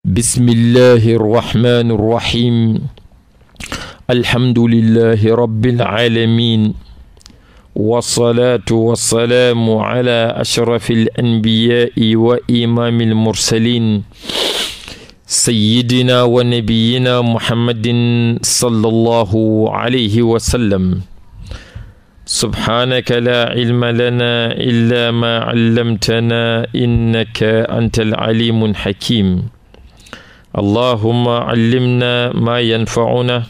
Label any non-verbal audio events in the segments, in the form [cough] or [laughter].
bismillahi arrahmani arrahim alhamdulillahi rabbil alamin wasalaatu wasalaamu ala ashrafi alanbiyaai wa imaami almursalin sayyidina wa nabiyina muhammadin sallallahu alayhi wa sallam subhaanaka laa cilma lanaa illaa maa callamtanaa innaka anta alcaliimu alxakiim allahuma callimna maa yanfacuna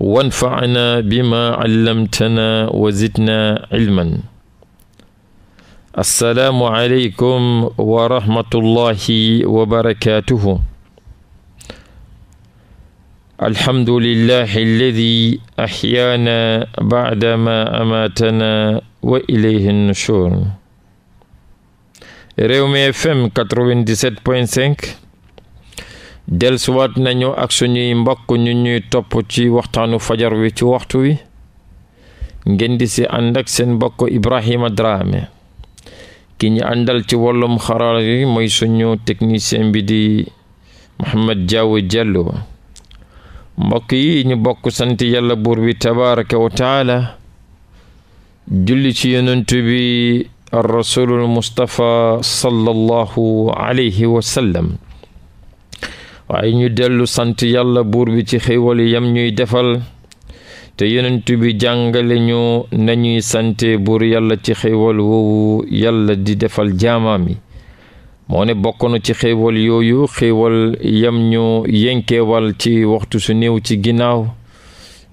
wanfacna bima callamtana wa zidna cilman assalaamu aleykum wa rahmatullahi wa barakatuhu alhamdulillahi alladi axyaana bacdama amaatana wa ilayhi nushur Rewmi FM 97.5 delsuwaat nañu ak suñuy mbokk ñu ñuy topp ci waxtaanu fajar wi ci waxtu wi ngeen di si ànd ak seen mbokk Ibrahima Drame ki ñu àndal ci wàllum xarala yi mooy suñu technicien bi di Mouhamed Diaw Diallo mbokk yi ñu bokk sant yàlla buur wi tabaraka wa taala julli ci yonentu bi ar rasulul mustapha sallallahu alayhi wa sallam waaye ñu dellu sant yàlla buur bi ci xéewal yam ñuy defal te yonent bi jàngale ñu nañuy sante buur yàlla ci xéewal woowu yàlla di defal jaamaam yi moo ne bokk na ci xéewal yooyu xéewal yam ñu yenkeewal ci waxtu su néew ci ginnaaw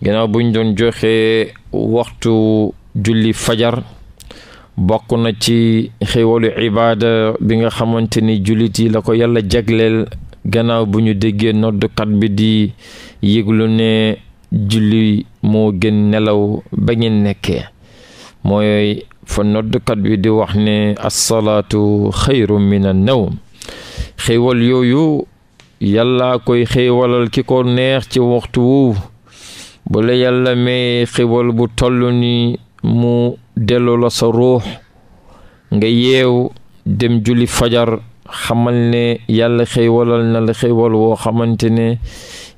ginnaaw buñ doon joxe waxtu julli fajar bokkoon na ci xéewalu ibaada bi nga xamante ni jullit yi la ko yàlla jagleel gannaaw bu ñu déggee noddukat bi di yëglu ne julli moo gën nelaw ba ngeen nekkee mooy fa noddukat bi di wax ne assalaatu xayru min an nawm xéewal yooyu yàlla koy xéewalal ki ko neex ci waxtu woowu bu la yàlla may xéewal bu toll ni mu delloo la sa ruux nga yeew dem julli fajar xamal ne yàlla xéewalal na la xéewal woo xamante ne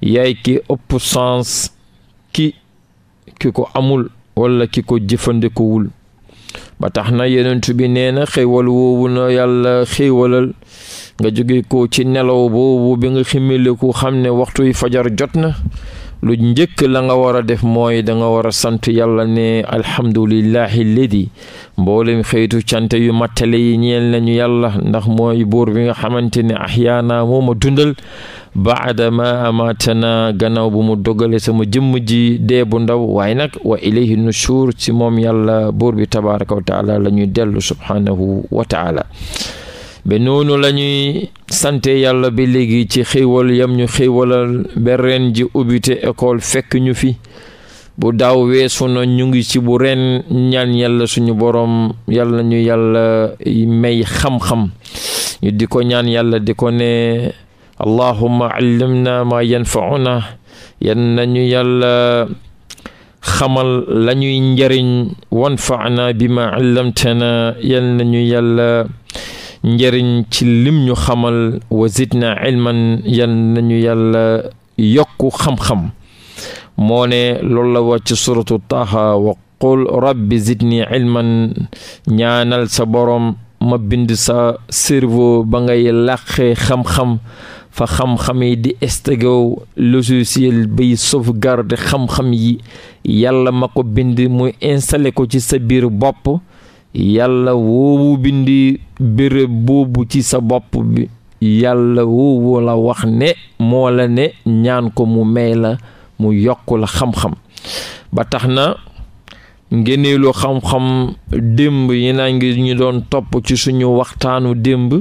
yaay ki ëpp sens ki ki ko amul walla ki ko jëfandikuwul ba tax na yonent bi nee na xéewal woowu na yàlla xéewalal nga jóge ko ci nelaw boobu bi nga ximiliku xam ne waxtuy fajar jot na lu njëkk la nga war a def mooy da nga war a sant yàlla ne alhamdulillahi ledi mboolem xëytu cante yu mattale yi ñeel nañu yàlla ndax mooy buur bi nga xamante ne ahyaana moo ma dundal baada ma amaatana gannaaw bu mu dogale sama jëmm ji dee bu ndaw waaye nag wa ilayhi nushur ci moom yàlla buur bi tabaraka wa taala la ñuy dellu subhaanahu wa taala ba noonu la ñuy sante yàlla ba léegi ci xéewal yam ñu xéewalal ba ren ji ubbite école fekk ñu fi bu daaw weesu na ñu ngi ci bu ren ñaan yàlla suñu boroom yàlla ñu yàlla may xam-xam ñu di ko ñaan yàlla di ko ne allahumma allimna ma yanfauna yan nañu yàlla xamal la njariñ wanfana bi ma allamtana yan nañu yàlla njëriñ ci lim ñu xamal wa zidna ilman yal nañu yàlla yokk xam-xam moo ne loolu la wàcc suratu taaha wa qul rabbi zidni ilman ñaanal sa boroom ma bind sa cerveau ba ngay làqee xam-xam fa xam-xam yi di stocké logiciel bay sauvegarde xam-xam yi yàlla ma ko bind muy installé ko ci sa biir bopp yàlla woowu bindi béréb boobu ci sa bopp bi yàlla woowu la wax ne moo la ne ñaan ko mu may la mu yokk la xam-xam ba tax na ngeneelu xam-xam démb yi naa ngi ñu doon topp ci suñu waxtaanu démb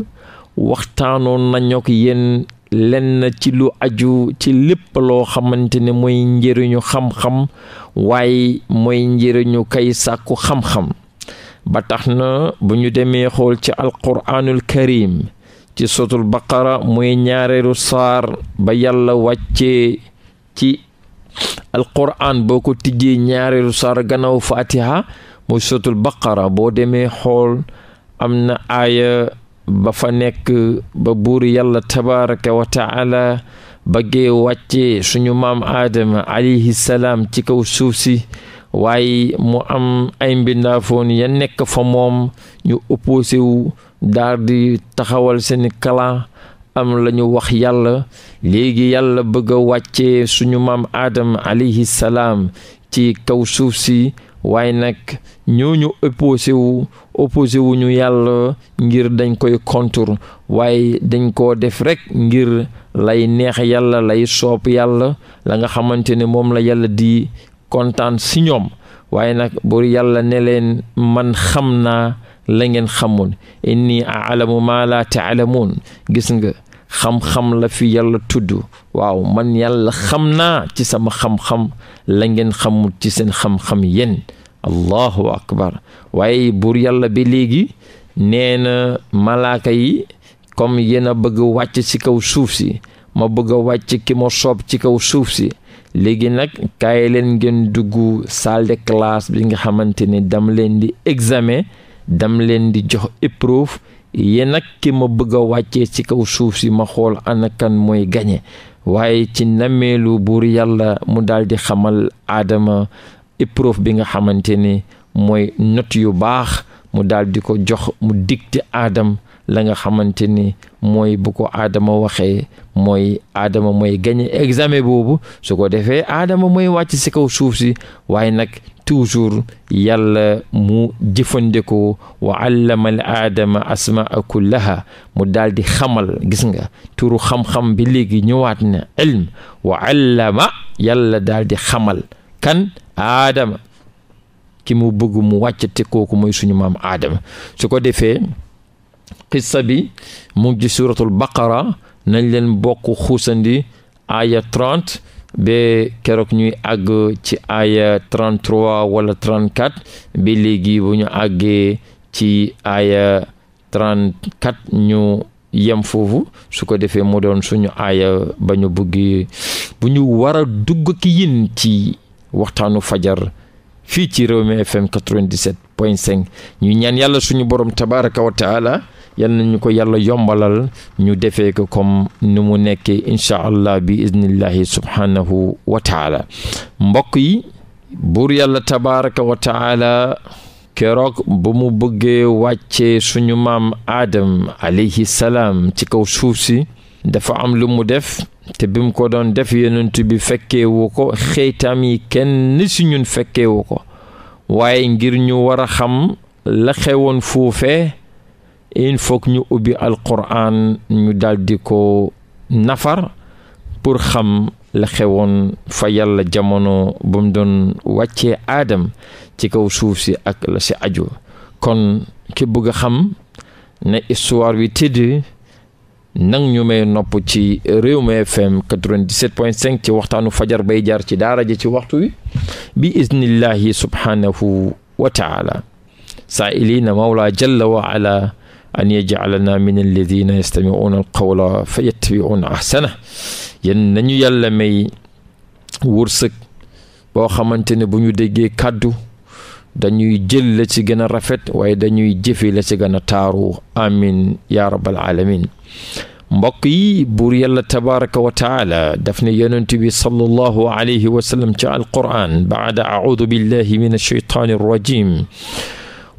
waxtaanoon nañu ak yéen lenn ci lu aju ci lépp loo xamante ne mooy njariñu xam-xam waaye mooy njëriñu kay sàkku xam-xam ba tax na bu ñu demee xool ci alquraanul karim ci sotul baqara muy ñaareelu saar ba yàlla wàccee ci alquraan boo ko tijjee ñaareelu saar gannaaw faatiha mooy sotul baqara boo demee xool am na aaya ba fa nekk ba buur yàlla tabaraka wa taala bëggee wàccee suñu maam aadama alayhi salaam ci kaw suuf si waaye mu am ay mbindaafoon ya nekk fa moom ñu opposé wu daal taxawal seeni kalan am lañu wax yàlla léegi yàlla bëgg wàcce suñu maam aadam alayhi salaam ci kaw suuf si waaye nag ñooñu opposé wu opposé wu yàlla ngir dañ koy contour waaye dañ ko def rekk ngir lay neex yàlla lay soob yàlla la nga xamante ne moom la yàlla di kontaan si ñoom waaye nag buur yàlla ne leen man xam naa la ngeen xamoon inni aalamu maa laa taalamuun gis nga xam-xam la fi yàlla tudd waaw man yàlla xam naa ci sama xam-xam la ngeen xamul ci seen xam-xam yéen allahu akbar waaye buur yàlla bi léegi nee na malaaka yi comme yéen a bëgg wàcc ci kaw suuf si ma bëgg a wàcc ki ma soob ci kaw suuf si léegi nag kaay leen ngeen dugg salle de bi nga xamante ni dam leen di examen dam leen di jox épreuve yéen nag ki ma bëgg a wàccee ci kaw suuf si ma xool anakan mooy gañe waaye ci nameelu buur yàlla mu daal di xamal aadama épreuve bi nga xamante ni mooy not yu baax mu daal di ko jox mu digte aadam la nga xamante ni mooy bu ko aadama waxee mooy aadama mooy gañe examen boobu su ko defee aadama mooy wàcc si kaw suuf si waaye nag toujours yàlla mu jëfandikoo wa allamal aadama asmaa kullaha mu daal di xamal gis nga turu xam-xam bi léegi ñëwaat na ilm wa allama yàlla daal di xamal kan aadama ki mu bëgg mu wàccate kooku mooy suñu maam aadama su ko defee qissa bi mu ngi ci baqara nañ leen bokk xuusandi aaya 30 ba keroog ñuy àgg ci aaya 33 wala 34 ba léegi bu ñu àggee ci aaya ñu yem foofu su ko defee moo doon suñu aaya ba ñu buggi bu ñu war a dugg ki yin ci waxtaanu fajar fii ci réew Rewmi FM 97 point 5 ñu ñaan yàlla suñu borom tabaraka wa taala yal ñu ko yàlla yombalal ñu defee ko comme ni mu nekkee incha allah bi iznillahi subhanahu wa taala mbokk yi buur yàlla tabaraka wa taala keroog bu mu bëggee wàcce suñu maam aadam alayhi salaam ci kaw suuf si dafa am lu mu def te bi ko doon def yonent bi fekkeewu ko xeetam yi kenn si ñun fekkeewu ko waaye ngir ñu war xam la xewoon fuufe il faut ñu ubbi alquran ñu daldi ko nafar pour xam la xewoon fa yàlla jamono ba mu doon wàccee aadam ci kaw suuf si ak la si aju kon ki bugg a xam ne histoire bi tëdd nang ñu may nopp ci Rewmi FM 97.5 ci waxtaanu fajar bay jaar ci daara ji ci waxtu wi bi iznillahi subhaanahu wa taala saa ilina mawla jalla wa ala an yaj'alana min alladina yastami'una alqawla fa yattabi'una nañu yàlla may wërsëg boo xamante ne bu ñu déggee kàddu dañuy jël ci gën a rafet waaye dañuy jëfe la ci gën a taaru amin ya rabbal alamin mbokk yi buur yàlla tabaraka wa taala daf ne yonent bi sallallahu alayhi wa sallam ci alquran baada audu billahi min alsheytaani arrajim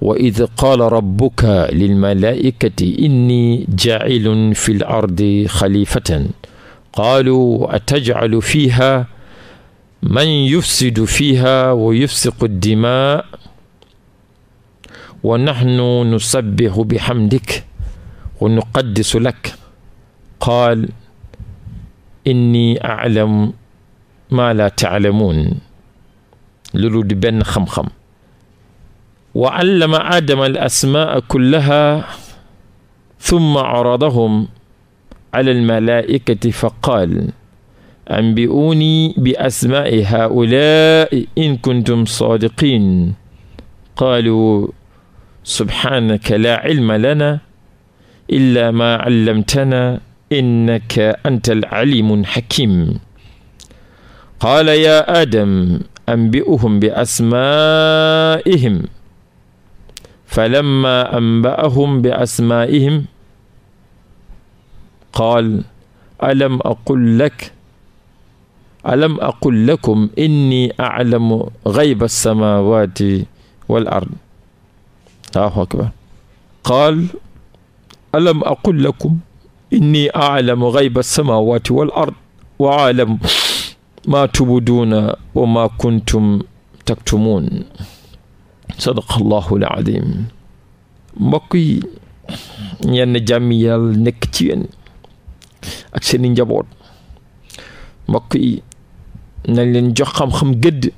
wa id qaala rabbuka lilmalaikati inni jaacilun fi l ardi xalifatan qaalu atajcalu fiiha man yufsidu fiiha wa yufsiqu ddimaa wa naxnu nusabbihu bihamdik wa nuqaddisu lak qaal inni aclam maa laa taclamuun loolu di benn xam-xam wa allama aadama al asmaa kullaha summa aradahum ala almalaikati fa qaal ambi'uuni bi asmaai haa'ulaa'i in kuntum saadiqiin qaaluu subhaanaka laa cilma lanaa illaa maa callamtanaa innaka anta alcaliimu alxakiim qaala yaa aadam ambi'uhum bi asmaa'ihim falamma anba'ahum bi asmaa'ihim qaal alam aqul lak alam aqul lakum inni a'lamu ghayba as-samawati wal ard Allahu akbar qaal alam aqul lakum inni a'lamu ghayba as-samawati wal ard wa a'lamu ma tubduuna wa ma kuntum taktumuun sadaqallahu alazim mbokk yi yenn jàmmi yàlla nekk ci yéen ak seeni njaboot mbokk yi nañ leen jox xam-xam gëdd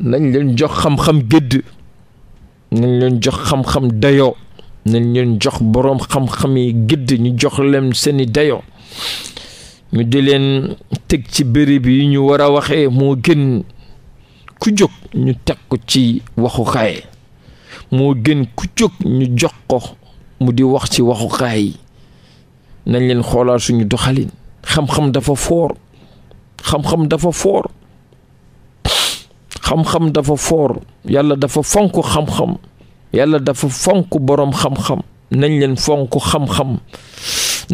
nañ leen jox xam-xam gëdd nañ leen jox xam-xam dayoo nañ leen jox boroom xam yi gëdd ñu jox leen seeni dayo ñu di leen teg ci béréb yi ñu war a waxee moo gën ku jóg ñu teg ko ci waxukaay moo gën ku jóg ñu jox ko mu di wax ci waxukaay yi nañ leen xoolaal suñu doxalin xam-xam dafa foor xam-xam dafa foor xam dafa foor yàlla dafa fonk xam-xam yàlla dafa fonk boroom xam-xam nañ leen fonk xam-xam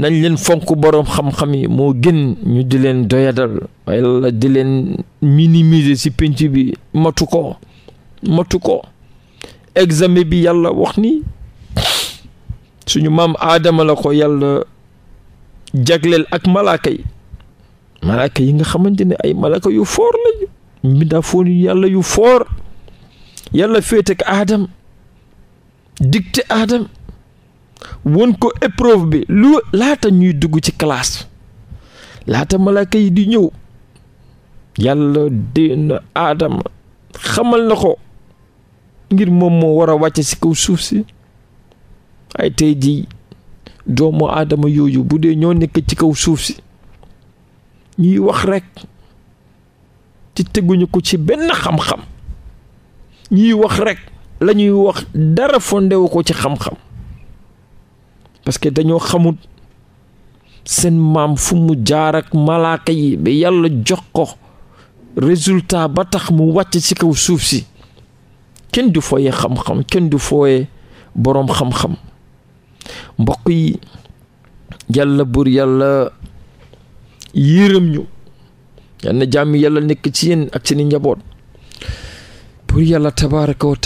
nañ leen fonk boroom xam-xam yi moo gën ñu di leen doyadal walla di leen minimiser si pénc bi matu ko matu ko exame bi yàlla wax ni suñu maam aadama la ko yàlla jagleel ak malaaka yi malaaka yi nga xamante ne ay malaaka yu foor lañu mbindaa foon yu yàlla yu foor yàlla féete ak aadam digte aadam won ko épreuve bi lu laata ñuy dugg ci kalaas laata malaaka yi di ñëw yàlla dina aadama xamal na ko ngir moom moo war a wàcc ci kaw suuf si ay tey jii doomu aadama yooyu bu dee ñoo nekk ci kaw suuf si ñuy wax rekk ci teguñu ko ci benn xam-xam ñuy wax rekk lañuy wax dara fondewu ko ci xam-xam parce que dañoo xamut seen maam fu mu jaarak ak malaaka yi ba yàlla jox ko résultat ba tax mu wàcc ci kaw suuf si kenn du fooyee xam-xam kenn du fooyee boroom xam-xam mbokk yi yàlla buur yàlla yërëm ñu yal jàmm yàlla nekk ci yéen ak seeni njaboot buur yàlla tabaraka wa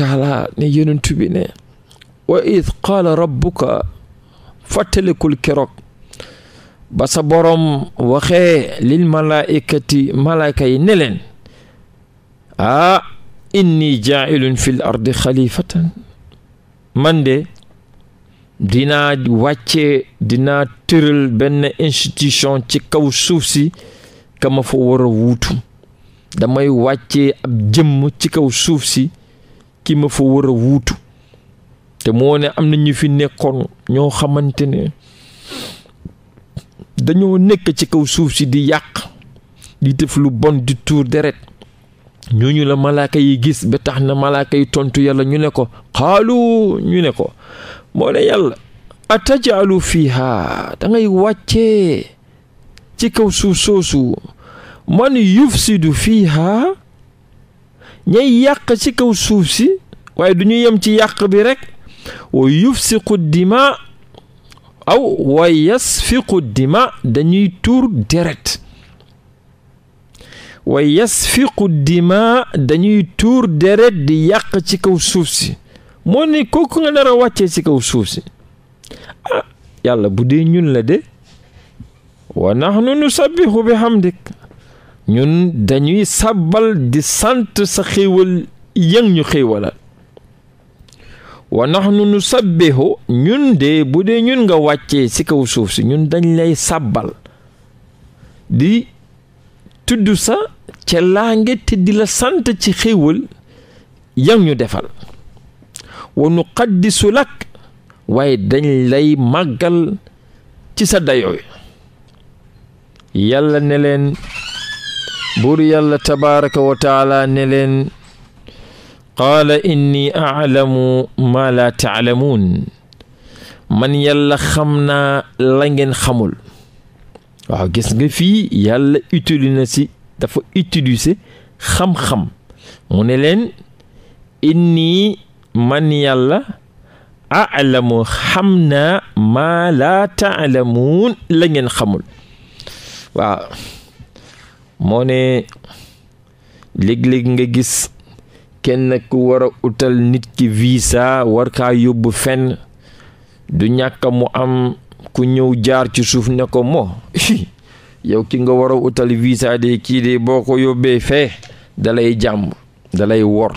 ne yonent bi wa id qaala rabbuka fàttalikul keroog ba sa boroom waxee lil malaaikati malaayka yi ne leen ah inni jaailun fil ardi xalifatan man de dinaa wàcce dinaa tëral benn institution ci kaw suuf si ka fa war a wuutu damay wàcce ab jëmm ci kaw suuf si kima ma fa war a wuutu te moo ne am na ñu fi nekkoon ñoo xamante ne dañoo nekk ci kaw suuf si di yàq di def lu bon di tuur deret ñooñu la malaaka yi gis ba tax na malaaka yi tontu yàlla ñu ne ko xaalu ñu ne ko moo ne yàlla atajaalu fiha da ngay wàccee ci kaw suuf soosu man yufsidu fiha ñay yàq ci kaw suuf si waaye du ñu yem ci yàq bi rekk wa yufsiqu dima aw wa yasfiqu dima dañuy tuur deret wa yasfiqu dima dañuy tuur deret di yàq ci kaw suuf si moo ne kooku nga nar a wàccee ci kaw suuf si ah yàlla bu dee ñun la de wa nahnu nusabbihu bi hamdik ñun dañuy sàbbal di sant sa xéewal yëng ñu xéewalal wa nahnu nusabbihu ñun de bu dee ñun nga wàccee ci kaw suuf si ñun dañ lay sàbbal di tuddu sa ca laange te di la sant ci xéewal yam ñu defal wa nuqaddisu lak way dañ lay màggal ci sa dayooy yàlla ne leen buur yàlla tabaaraka wa taala ne leen qaala inni aalamu maa laa taalamuun man yàlla xam naa la ngeen xamul waaw gis nga fii yàlla utiliser si dafa utiliser xam-xam mu ne leen inni man yàlla aalamu xam naa maa laa taalamuun la ngeen xamul waaw moo ne léeg-léeg nga gis kenn ku war a utal nit ki visa war kaa yóbbu fenn du ñàkk mu am ku ñëw jaar ci suuf ne ko moo [laughs] yow ki nga war a utal visa de kii de boo ko yóbbee fee dalay jàmb dalay wor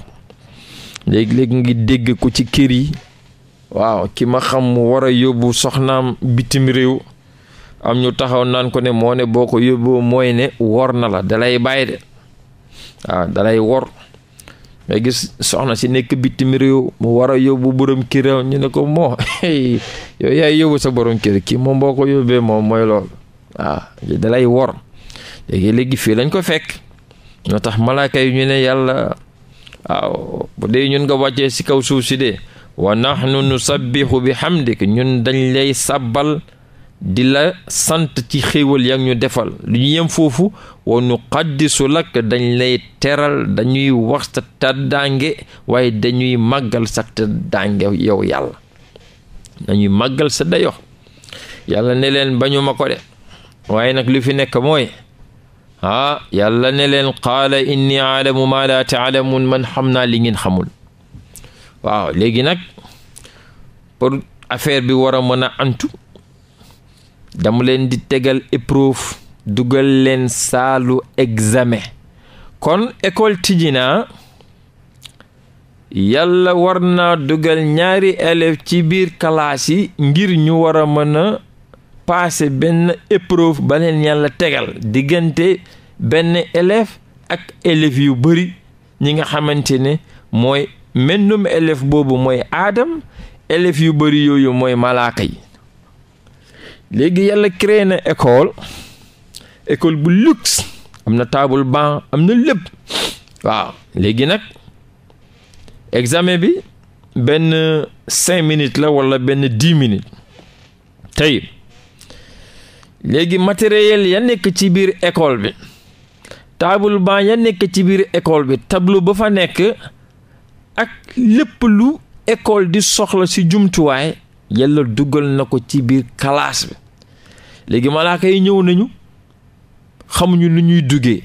léegi-léegi ngi dégg ko ci kër yi waaw ki ma xam mu war a yóbbu soxnaam bitim réew am ñu taxaw naan ko ne moo ne boo ko yóbboo mooy ne wor na la dalay bàyyi de waaw dalay wor nga gis soxna si nekk bitim mu war a yóbbu borom këram ñu ne ko moo yow yaay yóbbu sa borom kër ki moom boo ko yóbbee moom mooy lool dalay wor léegi léegi fii lañ ko fekk ñoo tax malaaka yi ñu ne yàlla waaw bu dee ñun nga wàccee si kaw suuf si de wa nahnu nusabbihu bi xam hamdik ñun dañ lay sabbal di la sant ci xéewal yaa ñu defal lu ñu yem foofu wa nu qaddisu lak dañ lay teral dañuy wax sa tàddaange waaye dañuy màggal sa tàddaange yow yàlla dañuy màggal sa dayo yàlla ne leen bañu ma ko de waaye nag lu fi nekk mooy ah yàlla ne leen qaala inni aalamu maa laa taalamuun man xam naa li ngeen xamul waaw léegi nag pour affaire bi wara a mën a antu dama leen di tegal épreuve dugal leen saalu examen kon école tijina na yàlla war naa dugal ñaari élève ci biir classe yi ngir ñu war a mën a paase benn épreuve ba leen tegal diggante benn élève ak élèves yu bëri ñi nga xamante ne mooy mennum élève boobu mooy aadam élèves yu bari yooyu mooy malaaka yi léegi yàlla créé na école école bu luxe am na table ban am na lépp waaw léegi nag examen bi benn cinq minutes la wala benn dix minutes tey léegi matériel ya nekk ci biir école bi taabul banc ya nekk ci biir école bi tableau ba fa nekk ak lépp lu école di soxla si jumtuwaay yalla duggal na ko ci biir classe bi léegi malaaka yi ñëw nañu xamuñu nu ñuy duggee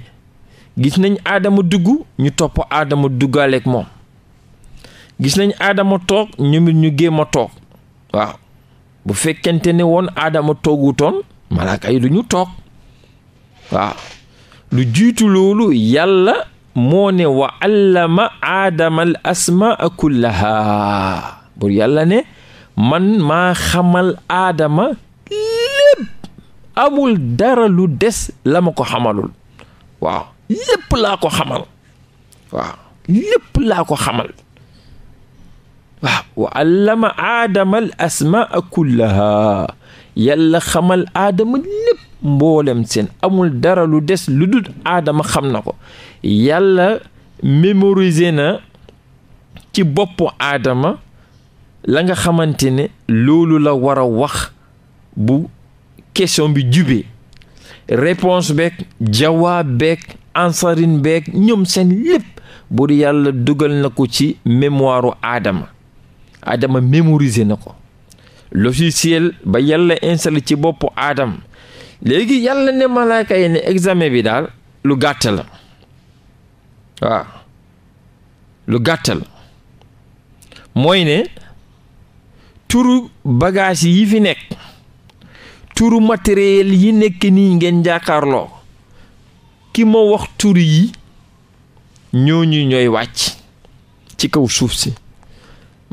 gis nañ aadama dugg ñu topp aadama duggaaleeg moom gis nañ aadama toog ñoom ñu géem a toog waaw bu fekkente ne woon aadama toogutoon malaaka yi lu ñu toog waaw lu jiitu loolu yàlla moo ne wa allama aadama al asmaa kullaha bur yàlla ne man maa xamal aadama amul dara lu des la ko xamalul waaw lépp laa ko xamal waaw lépp laa ko xamal waaw wa allama aadama asma asmaa kullaha yàlla xamal aadama lépp mboolem seen amul dara lu des lu dul aadama xam na ko yàlla mémoriser na ci boppu aadama la nga xamante ne loolu la war a wax bu question bi jubee réponse beeg jawaab beeg ansarin beeg ñoom seen lépp bu di yàlla dugal na ko ci mémoire aadama aadama mémoriser na ko logiciel ba yàlla installé ci boppu aadama léegi yàlla ne malaaka yi ne examen bi daal lu gàtt la waaw lu gàtt mooy ne turu bagage yi fi nekk turu matériel yi nekk nii ngeen jàkkaarloo ki moo wax tur yi ñoo ñu ñoy wàcc ci kaw suuf si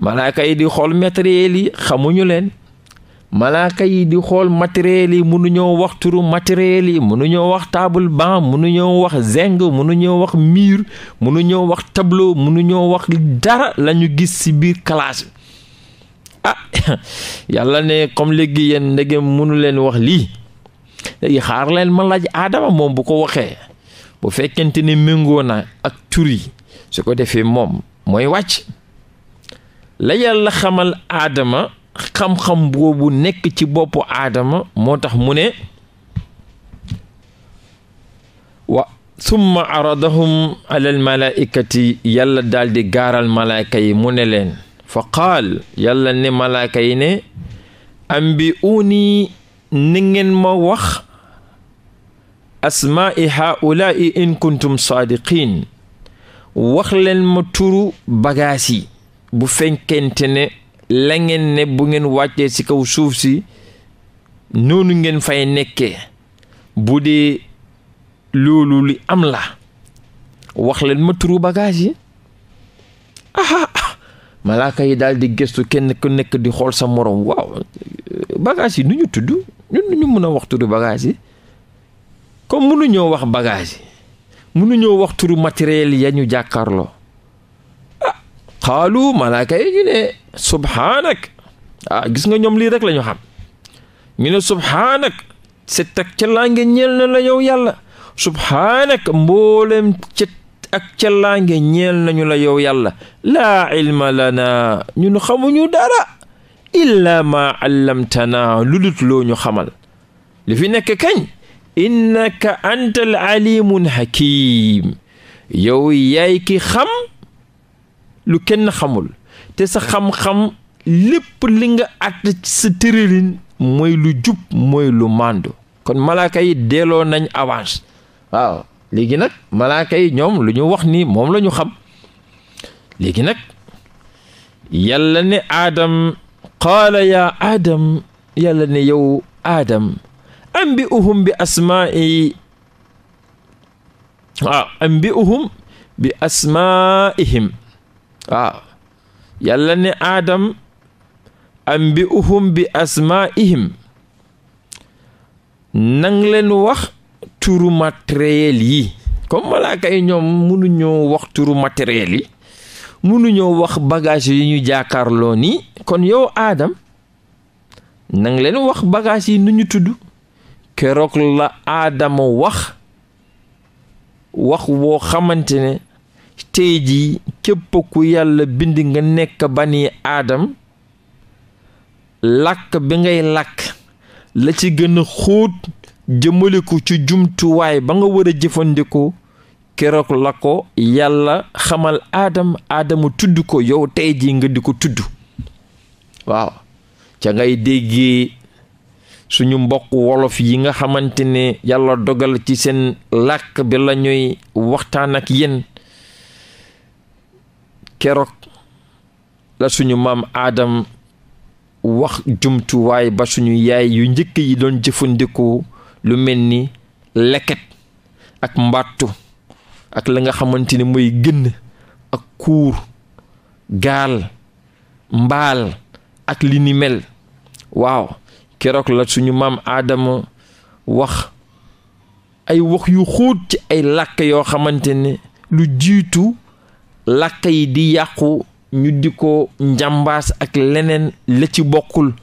malaaka yi di xool matériel yi xamuñu leen malaaka yi di xool matériel yi mënuñoo wax turu matériel yi mënuñoo wax table banc mënuñoo wax zinc mënuñoo wax mur mënuñoo wax tableau mënuñoo wax dara lañu gis ci biir classe ah yàlla ne comme léegi yéen ndegem mënu leen wax lii léegi xaar leen aadama moom bu ko waxee bu fekkente ni méngoo na ak tur su ko defee moom mooy wàcc la yàlla xamal aadama xam-xam boobu nekk ci boppu aadama moo tax mu ne wa summa aradahum alal malaikati yàlla daldi gaaral malaayka yi mu ne leen fa qaal yàlla ne malaaka ne am bi uuni ni ngeen ma wax asmaai haulaai in kuntum saadiqin wax leen ma turu bagaas yi bu fenkente ne la ngeen ne bu ngeen wàccee ci kaw suuf si noonu ngeen fay nekke bu dee loolu li am la wax ma turu bagaas yi malaaka yi daal di gëstu kenn ku nekk di xool sa morom waaw bagage yi nu ñu tudd ñun nu ñu mën a wax turu bagage yi comme mënuñoo wax bagage yi mënuñoo wax turu matériel ya ñu jàkkarloo ah xaalu malaaka yi ñu ne subhaanak ah gis nga ñoom lii rek lañu ñu xam ñu ne subhaanak set ak ca ñeel na la yow yàlla subhaanak mboolem cet ak cellaange ñeel nañu la yow yàlla laa ilma lana ñun xamuñu dara illaa ma allamtana lu dut loo ñu xamal li fi nekk kañ innaka antal ne hakim yow yaay ki xam lu kenn xamul te sa xam-xam lépp li nga àtt sa tërëlin lu jub mooy lu màndu kon malaaka yi delloo nañ avance léegi nag malaaka ñoom lu ñu wax ni moom la ñu xam léegi nag yàlla ne aadam qaala yaa aadam yàlla ne yow aadam ambi bi asmaa'i waaw ambi asmaa'ihim waaw ne aadam ambi uhum bi asmaa'ihim nang leen wax turu matériel yi comme malaaka yi ñoom mënuñoo wax turu matériel yi mënuñoo wax bagaas yi ñu jàkkaarloo ni kon yow aadam nang leen wax bagaas yi nu ñu tudd keroog la aadama wax wax woo xamante ne tey ji képp ku yàlla bind nga nekk bani aadam làkk bi ngay làkk la ci gën a jëmmale ko ci jumtuwaay ba nga war a jëfandikoo keroog la ko yàlla xamal aadam aadama tudd ko yow tey jii nga di ko tudd waaw ca ngay déggee suñu mbokk wolof yi nga xamante ne yàlla dogal ci seen làkk bi lañuy ñuy waxtaan ak yéen keroog la suñu maam aadam wax jumtuwaay ba suñu yaay yu njëkk yi doon jëfandikoo lu mel ni leket ak mbàttu ak la nga xamante ni mooy gënn ak kuur gaal mbaal ak li mel waaw keroog la suñu maam aadama wax ay wax yu xóot ci ay làkk yoo xamante ni lu jiitu làkk yi di yàqu ñu di ko njàmbaas ak leneen la ci bokkul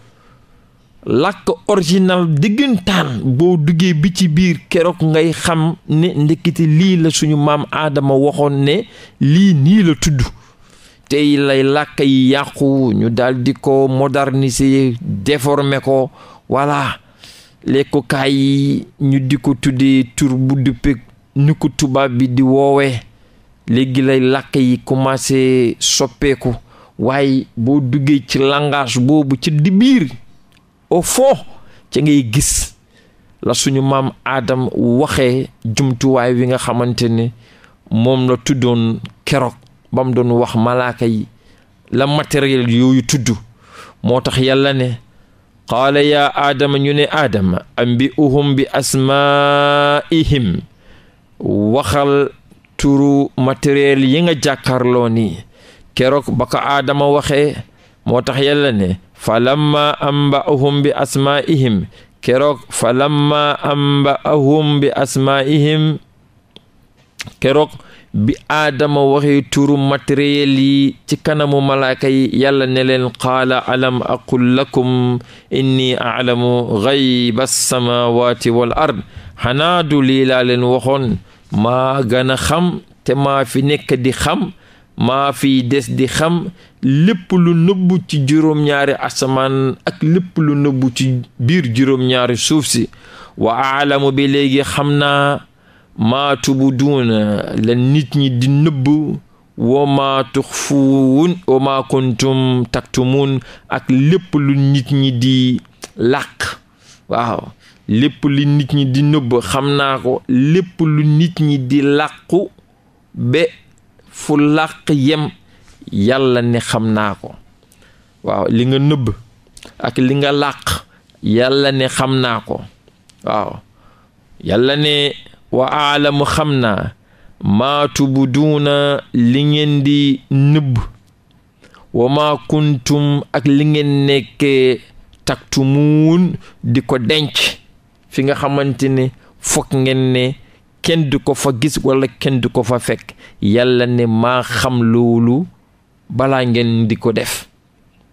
làkk original diggantaan boo duggee bi ci biir keroog ngay xam ni ndekkiti lii la suñu maam aadama waxoon ne lii nii la tudd tey lay làkk yi yàqu ñu daldi ko moderniser déformer ko voilà lekkukaay yi ñu di ko tuddee tur bu duppe ñu ko tubaab bi di woowee léegi lay làkk yi commencé soppeeku waaye boo duggee ci langage boobu ci di biir ofoo fond ci ngay gis la suñu maam aadam waxee jumtuwaay wi nga xamante ni moom la tuddoon keroog ba mu doon wax malaaka yi la matériel yooyu tuddu moo tax yàlla ne qaala yaa aadama ñu ne aadama ambi uhum bi asmaihim waxal turu matériel yi nga jàkkaarloo nii keroog ba ko aadama waxee moo tax yàlla ne falamma amba'ahum bi asma'ihim keroog falamma amba'ahum bi asma'ihim keroog bi aadama waxee turu matériel ci kanamu malaaka yàlla ne leen qaala alam aqul lakum inni aalamu gayba alsamawati wal ard xanaa du lii laa waxoon maa gën xam te maa fi nekk di xam maa fi des di xam lépp lu nëbbu ci juróom-ñaari asamaan ak lépp lu nëbbu ci biir juróom-ñaari suuf si wa aalamu bi léegi xam naa maa tubuduuna la nit ñi di nëbbu wa maa tuxfuun wa maa kuntum taktumuun ak lépp lu nit ñi di làq waaw lépp lu nit ñi di nëbb xam naa ko lépp lu nit ñi di làqu be fu làq yem yàlla ne xam naa ko waaw li nga nëbb ak li nga làq yàlla ne xam naa ko waaw yàlla ne wa aalamu xam naa maa tubduuna li ngeen di nëbb wa maa kuntum ak li ngeen nekkee taktumuun di ko denc fi nga xamante ne foog ngeen ne kenn du ko fa gis walla kenn du ko fa fekk yàlla ne maa xam loolu balaa ngeen di ko def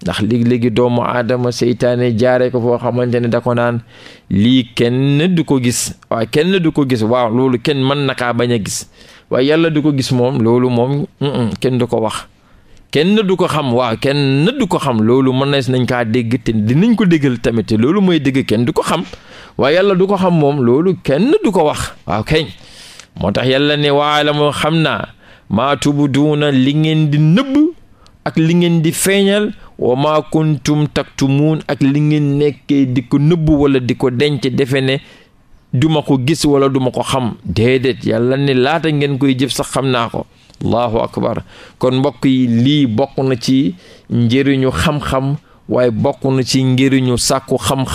ndax léegi-léegi doomu aadama seytaane jaaree ko foo xamante ne da ko naan lii kenn du ko gis waaw kenn du ko gis waaw loolu kenn mën na bañ a gis yàlla du ko gis moom loolu moom kenn du ko wax kenn du ko xam waaw kenn du ko xam loolu mën nañ kaa dégg te dinañ ko déggal tamit loolu mooy dégg kenn du ko xam waaye yàlla du ko xam moom loolu kenn du ko wax waaw keñ moo tax yàlla ne waaye la xam naa maa tubu duuna li ngeen di nëbb ak li ngeen di feeñal wa maa kuntum taktumuun ak li ngeen nekkee di ko nëbb wala di ko denc defe ne duma ko gis wala duma ko xam déedéet yàlla ne laata ngeen koy jëf sax xam naa ko allahu akbar kon mbokk yi lii bokk na ci njëriñu xam-xam waaye bokk na ci njëriñu sàkku xam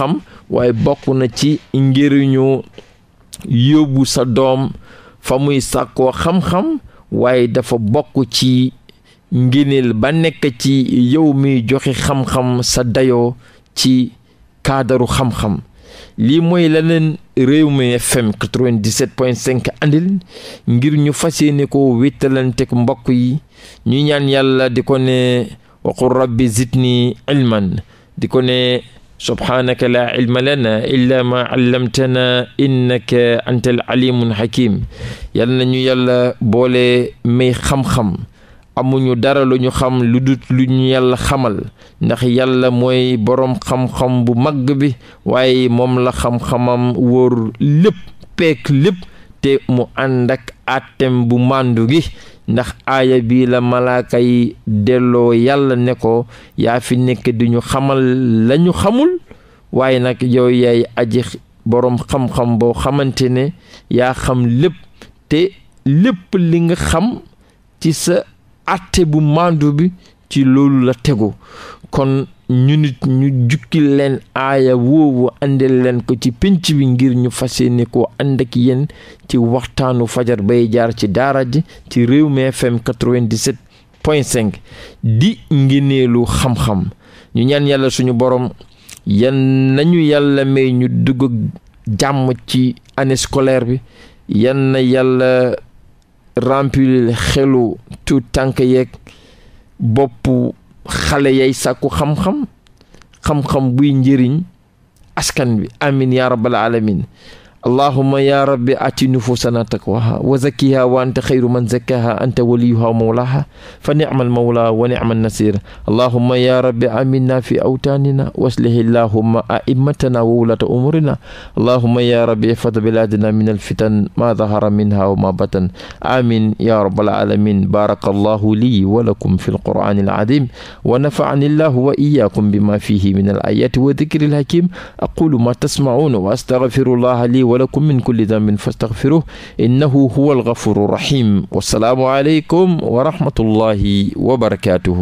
waaye bokk na ci njëriñu yóbbu sa doom fa muy sàkkoo xam-xam waaye dafa bokk ci ngéneel ba nekk ci yow mi joxe xam-xam sa dayoo ci kaadaru xam-xam lii mooy leneen réew mi fm 97.5 andil ngir ñu fas yéene ko mbokk yi ñu ñaan yàlla di ko ne waqul rabbi zidni ilman di ko ne subhaanaka laa ilma lana illa ma allamtana innaka antal alimun hakim yàlla ñu yàlla boole may xam-xam amuñu dara lu ñu xam lu dut lu ñu yàlla xamal ndax yàlla mooy boroom xam-xam bu màgg bi waaye moom la xam-xamam wóor lépp peek lépp te mu ànd ak àttem bu màndu gi ndax aaya bii la malaaka yi delloo yàlla ne ko yaa fi nekk di ñu xamal la xamul waaye nag yow yaay aji boroom xam-xam boo xamante ne yaa xam lépp te lépp li nga xam ci sa atte bu mandu bi ci loolu la tegu kon ñu nit ñu jukki leen aaya woowu àndel leen ko ci pénc bi ngir ñu fas yéene koo ànd ak yéen ci waxtaanu fajar bay jaar ci daara ji ci réew Rewmi FM 97 point 5 di ngéneelu xam-xam ñu ñaan yàlla suñu boroom yan nañu yàlla may ñu dugg jàmm ci année scolaire bi yan yàlla remplir xelu tuut tànk yeeg boppu xale yay sàkku xam-xam xam-xam buy njëriñ askan bi amin yaa rabbal alamin allahuma ya rabbi ati nufusana taqwaha wa zakkiha wa anta xayru man zakkaha anta waliyuha wa mawlaha fa nicma almawla wa nicma alnasir allahuma ya rabbi aminna fi awtaanina wa aslih allahuma aimmatana wa wulata umurina allahuma ya rabbi ihfad biladina min alfitan ma dahara minha wa ma batan amin ya rabbal alamin baraka allahu lii wa lakum fi alqur'ani alazim wa nafa'ani allahu wa iyyakum bima fihi min alayati wa dhikri alhakim aqulu ma tasma'un wa astaghfiru allaha li wa lakum min kulli dambin fastaghfiruh innahu huwa alghafuru rahim wasalaamu aleykum wa rahmatullahi wa barakatuhu